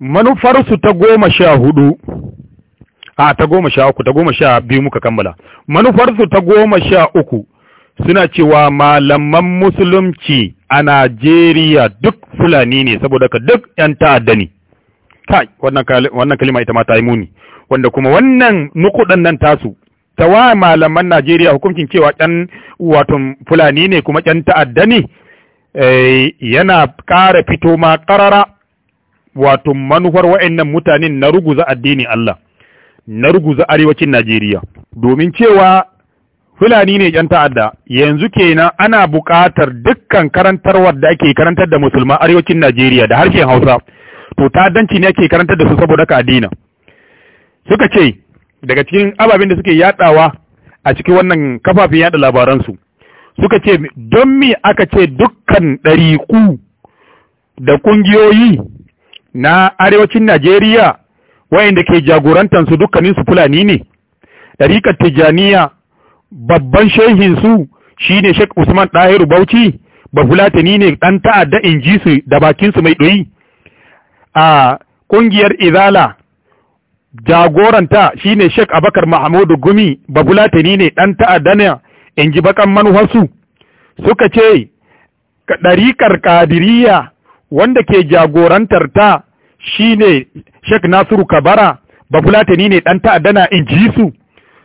manufarsu ta goma sha hudu a ta goma sha uku ta goma sha biyu muka kammala manufarsu ta goma sha uku suna cewa malaman musulunci a Najeriya duk fulani ne saboda ka duk ‘yan ta'adda ne kai wannan kalima ita ma ta yi muni wanda kuma wannan nukudan nan tasu ta wa malaman Najeriya hukuncin cewa ‘yan wato fulani ne kuma ‘yan ta'adda ne eh, yana ƙara fito ma ƙarara wato manufar wa'annan mutanen na ruguza addini Allah na ruguza arewacin Najeriya domin cewa Fulani ne ‘yan ta'adda, yanzu kenan ana buƙatar dukkan karantarwar da ake karantar da musulma arewacin Najeriya da harshen Hausa, to ta'addanci ne ake karantar da su saboda ka addina. Suka ce, daga cikin ababen da suke yadawa a cikin wannan kafafen yaɗa labaransu, suka ce, don me aka ce dukkan ɗariƙu da ƙungiyoyi na arewacin Najeriya wayanda ke jagorantar su dukkanin su Fulani ne dariƙar Tijaniya babban shehin su shine Sheikh Usman Dahiru Bauchi ba Fulatani ne dan ta'adda inji su da bakin su mai doyi a kungiyar Izala jagoranta shine Sheikh Abakar Mahmudu Gumi ba Fulatani ne dan ta'adda ne inji bakan su. suka ce ɗariƙar kadiriya, wanda ke jagorantar ta shi ne Sheikh Nasiru Kabara ni ne ɗan ta'adda na in ji su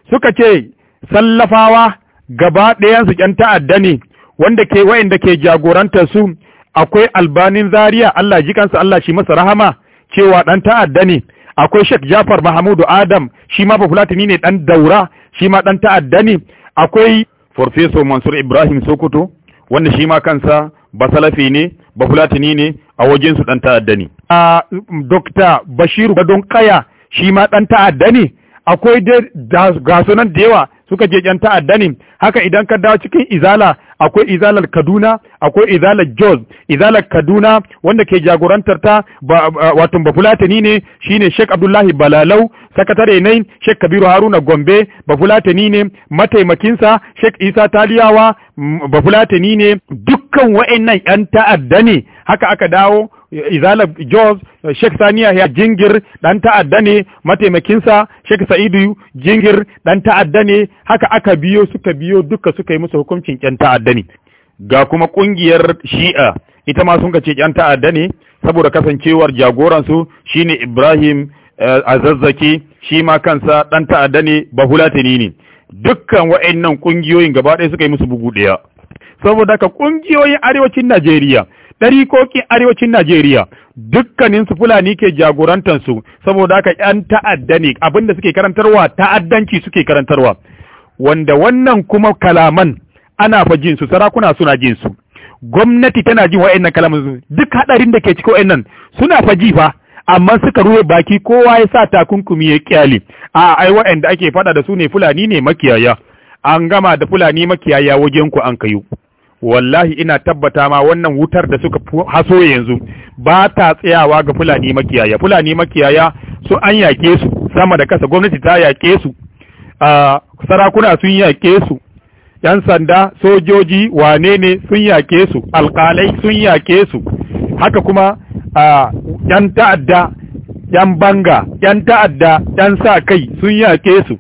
suka ce sallafawa gaba ɗayansu ƴan ta'adda ne wanda ke wa'inda ke jagorantar su akwai albanin zaria Allah ji kansa Allah shi masa rahama cewa ɗan ta'adda ne akwai Sheikh Jafar Mahamudu Adam shi ma ni ne ɗan daura shi ma ɗan ta'adda ne akwai Farfeso Mansur Ibrahim Sokoto wanda shi ma kansa basalafi ne bafulatani ne a wajensu ɗan ta'adda ne dokta bashiru gadon kaya shi ma ɗan ta'adda ne akwai dai gasunan da yawa suka je yan ta'adda ne haka idan ka dawo cikin izala akwai izalar kaduna akwai izalar jos izalar kaduna wanda ke jagorantar ta wato bafulatani ne shi ne sheik abdullahi balalau sakatare ne sheik kabiru haruna gombe bafulatani ne mataimakinsa sheik isa taliyawa bafulatani ne dukkan wa'annan yan ta'adda ne haka aka dawo izala jos sheikh saniya ya jingir dan ta'adda ne mataimakinsa sheikh sa'idu jingir dan ta'adda ne haka aka biyo suka biyo duka suka yi musu hukuncin yan ta'adda ne ga kuma kungiyar shi'a ita ma sun ce yan ta'adda ne saboda kasancewar jagoransu shine ibrahim eh, azazzaki shi ma kansa dan ta'adda ne bafulatani ne dukkan wa'annan kungiyoyin gaba ɗaya suka yi musu bugu ɗaya saboda ka ƙungiyoyin arewacin Najeriya ɗarikokin arewacin Najeriya dukkanin su Fulani ke jagorantar su saboda ka ƴan ta'adda ne abinda suke karantarwa ta'addanci suke karantarwa wanda wannan kuma kalaman ana fa jin su sarakuna suna jin su gwamnati tana jin wa'annan kalaman duk hadarin da ke cikin wa'annan suna fa ji fa amma suka ruwe baki kowa ya sa takunkumi ya kyale a ai waɗanda ake faɗa da su ne fulani ne makiyaya an gama da fulani makiyaya wajen ku an kayu wallahi ina tabbata ma wannan wutar da suka haso yanzu ba ta tsayawa ga fulani makiyaya fulani makiyaya su an yaƙe su sama da kasa gwamnati ta yaƙe su a sarakuna sun yaƙe su yan sanda sojoji wane ne sun yaƙe su alƙalai sun yaƙe su haka kuma a 'yan ta'adda 'yan banga 'yan ta'adda 'yan sa kai sun yaƙe su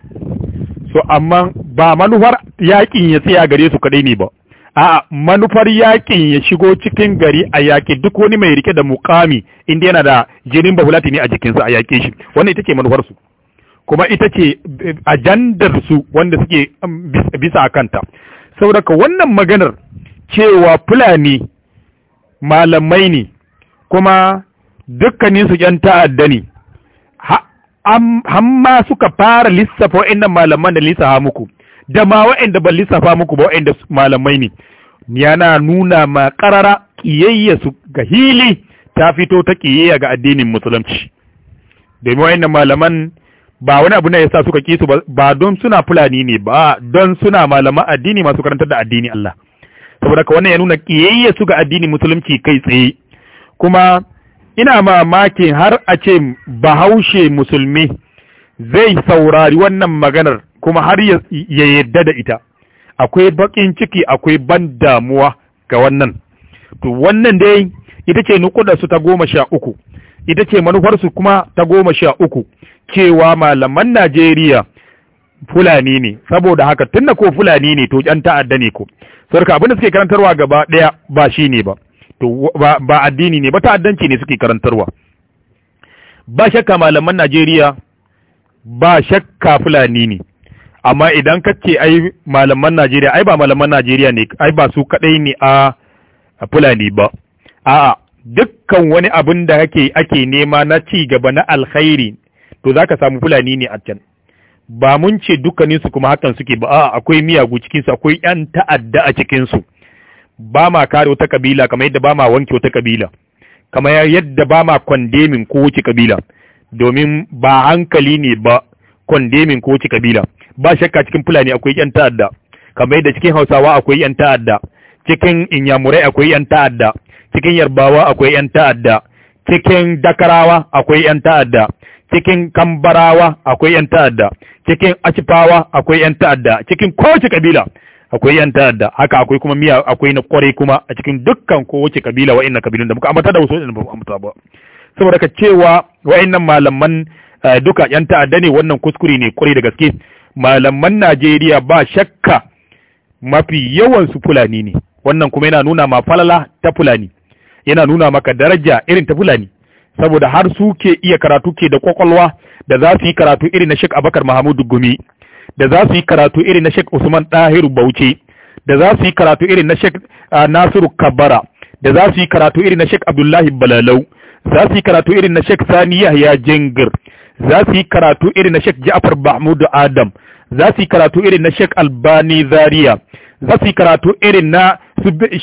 so amma ba manufar yaƙin ya tsaya gare su kaɗai ne ba a manufar yaƙin ya shigo cikin gari a yaƙi duk wani mai rike da mukami inda yana da jinin bahulati ne a jikinsa a yaƙe shi wannan ita ce manufarsu kuma ita ce eh, su wanda suke um, bisa kanta saboda wannan maganar cewa fulani malamai ne kuma dukkanin su yan ta'adda ne amma suka fara lissafa wa'annan malaman da lissafa muku da ma wa'anda ba lissafa muku ba wa'anda malamai ne yana nuna ma karara kiyayya su ga hili ta fito ta kiyayya ga addinin musulunci domin wa'annan malaman ba wani abu ne yasa suka ƙi su ba don suna fulani ne ba don suna malaman addini masu karantar da addini Allah saboda ka wannan ya nuna kiyayya su ga addinin musulunci kai tsaye kuma ina mamakin har a ce bahaushe musulmi zai saurari wannan maganar kuma har ya yadda da ita akwai bakin ciki akwai ban damuwa ga wannan to wannan dai ita ce nukudarsu ta goma sha uku ita ce manufarsu kuma ta goma sha uku cewa malaman najeriya fulani ne saboda haka tunna ko fulani ne to yan ta'adda ne ko sarka abin da suke karantarwa gaba ɗaya ba shi ne ba to ba addini ne ba ta'addanci ne suke karantarwa ba shakka malaman Najeriya ba shakka fulani ne amma idan kace ce ai malaman Najeriya ai ba malaman Najeriya ne ai ba su kadai ne a fulani ba a'a dukkan wani abin da kake ake nema na ci gaba na alkhairi to zaka samu fulani ne a can ba mun ce dukkanin kuma hakan suke ba a'a akwai miyagu cikin akwai yan ta'adda a cikinsu. ba ma kare wata kabila kamar yadda ba ma wanke wata kabila kamar yadda ba ma kwandemin ko wace kabila domin ba hankali ne ba kwandemin ko wace kabila ba shakka cikin fulani akwai yan ta'adda kamar yadda cikin hausawa akwai yan ta'adda cikin inyamurai akwai yan ta'adda cikin yarbawa akwai yan ta'adda cikin dakarawa akwai yan ta'adda cikin kambarawa akwai yan ta'adda cikin acifawa akwai yan ta'adda cikin kowace kabila akwai yan ta'adda haka akwai kuma miya akwai na kwarai kuma a cikin dukkan ko wace kabila wa'annan kabilun da muka ambata da wasu wa'annan ba ba saboda ka cewa wa'annan malaman eh, duka yan ta'adda ne wannan kuskure ne kwarai da gaske malaman Najeriya ba shakka mafi yawan su fulani ne wannan kuma yana nuna ma falala ta fulani yana nuna maka daraja irin ta fulani saboda har su ke iya karatu ke da kwakwalwa da za su yi karatu irin na Sheikh Abakar Mahamudu Gumi da za su yi karatu irin na Sheikh Usman Dahiru Bauchi da za su yi karatu irin na Sheikh Nasiru Kabara da za su yi karatu irin na Sheikh Abdullahi Balalau za su yi karatu irin na Sheikh Sani Yahya Jengir za su yi karatu irin na Sheikh Ja'far Mahmud Adam za su yi karatu irin na Sheikh Albani Zaria za su yi karatu irin na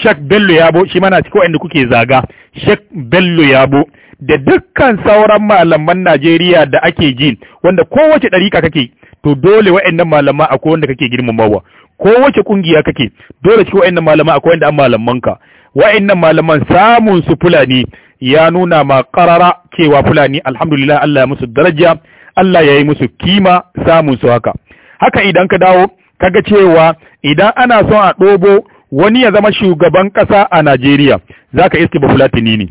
Sheikh Bello Yabo shi mana cikin wanda kuke zaga Sheikh Bello Yabo da dukkan sauran malaman Najeriya da ake ji wanda kowace ɗarika kake to dole wa'annan malama akwai wanda kake girmamawa ko wace kungiya kake dole shi wa'annan malama akwai wanda an malamanka wa'annan malaman samun su fulani ya nuna ma karara cewa fulani alhamdulillah Allah ya musu daraja Allah ya yi musu kima samun su haka haka idan ka dawo kaga cewa idan ana son a ɗobo wani ya zama shugaban ƙasa a Najeriya zaka iske ba fulatini ne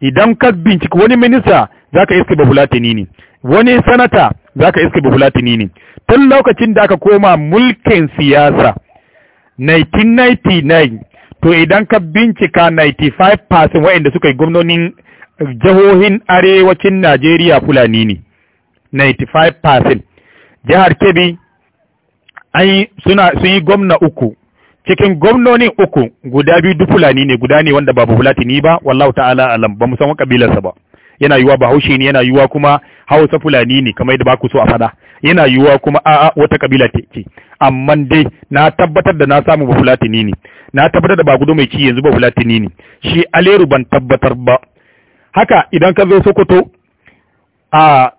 idan ka bincika wani minista zaka iske ba fulatini ne wani sanata za ka iske bafulatini ne tun lokacin da aka koma mulkin siyasa 1999 to idan ka bincika 95% waɗanda suka yi gwamnonin jihohin arewacin Najeriya Fulani ne 95% jihar Kebbi sun yi gwamna uku cikin gwamnonin uku guda biyu duk Fulani ne guda ne wanda ba Fulatini ba wallahu ta'ala alam ba mu san kabilarsa ba yana yiwuwa bahaushe ne yana yiwuwa kuma hausa fulani ne kamar yadda ba ku so a fada yana yiwuwa kuma a wata kabila ce amma dai na tabbatar da na samu ba fulatini ne na tabbatar da ba gudu mai ci yanzu ba fulatini ne shi aleru ban tabbatar ba haka idan ka zo sokoto a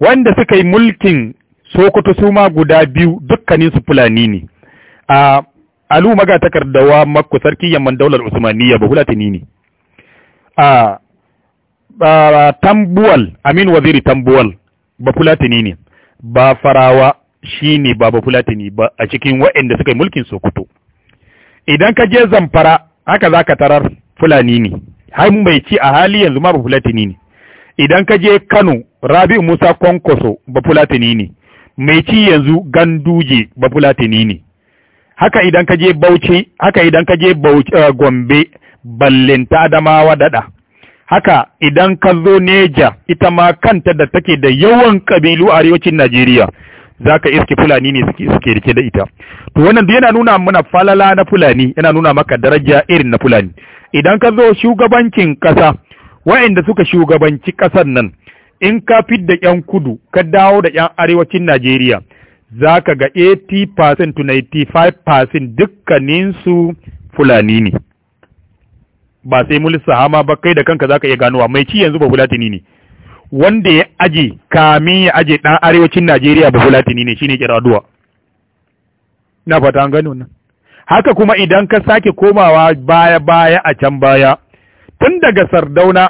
wanda suka yi mulkin sokoto su ma guda biyu dukkanin su fulani ne a alu maga takardawa makko yamman daular usmaniya ba fulatini ne a tambuwal amin waziri tambuwal ba fulatini ne ba farawa shi ne ba ba fulatini ba a cikin waɗanda suka yi mulkin sokoto idan ka je zamfara haka za ka tarar fulani ne har mai ci a hali yanzu ma ba fulatini ne idan ka je kano rabi'u musa kwankwaso ba fulatini ne mai ci yanzu ganduje ba fulatini ne haka idan ka je bauchi haka idan ka je eh, gombe ballinta adamawa dada haka idan ka zo neja ita ma kanta da take da yawan ƙabilu a arewacin Najeriya ka iske fulani ne suke rike da ita to wannan yana nuna mana falala na fulani yana nuna maka daraja irin na fulani idan ka zo shugabancin ƙasa, wa'anda suka shugabanci kasar nan in ka fidda yan kudu ka dawo da yan arewacin Najeriya zaka ga 80% to 95% dukkaninsu fulani ne ba sai mun ma ba kai da kanka zaka iya ganowa mai ci yanzu ba fulatini ne wanda ya aje kamin ya aje dan arewacin Najeriya ba fulatini ne shine kiraduwa na fata an gano nan haka kuma idan ka sake komawa baya baya a can baya tun daga Sardauna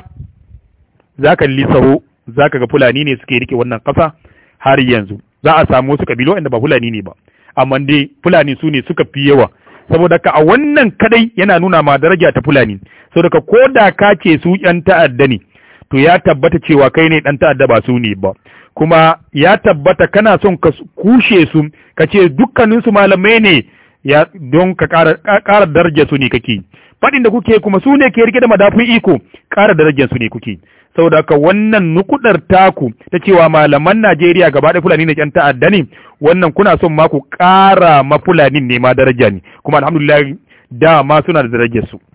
zaka lissaho zaka ga fulani ne suke rike wannan kasa har yanzu za a samu wasu kabilu inda ba fulani ne ba amma dai fulani su ne suka fi yawa saboda ka a wannan kadai yana nuna ma daraja ta fulani saboda ka ko da ka ce su yan ta'adda ne to ya tabbata cewa kai ne dan ta'adda ba su ne ba kuma ya tabbata kana son ka kushe su ka ce dukkanin su malamai ne ya don ka ƙara daraja su ne kake faɗin da kuke kuma su ne ke rike da madafun iko kara darajar su ne kuke saboda ka wannan nukudar taku ta cewa malaman Najeriya gaba da Fulani ne ƴan ta'adda ne wannan kuna son ma ku ƙara ma fulanin ne ma daraja ne kuma alhamdulillah dama suna da darajarsu. su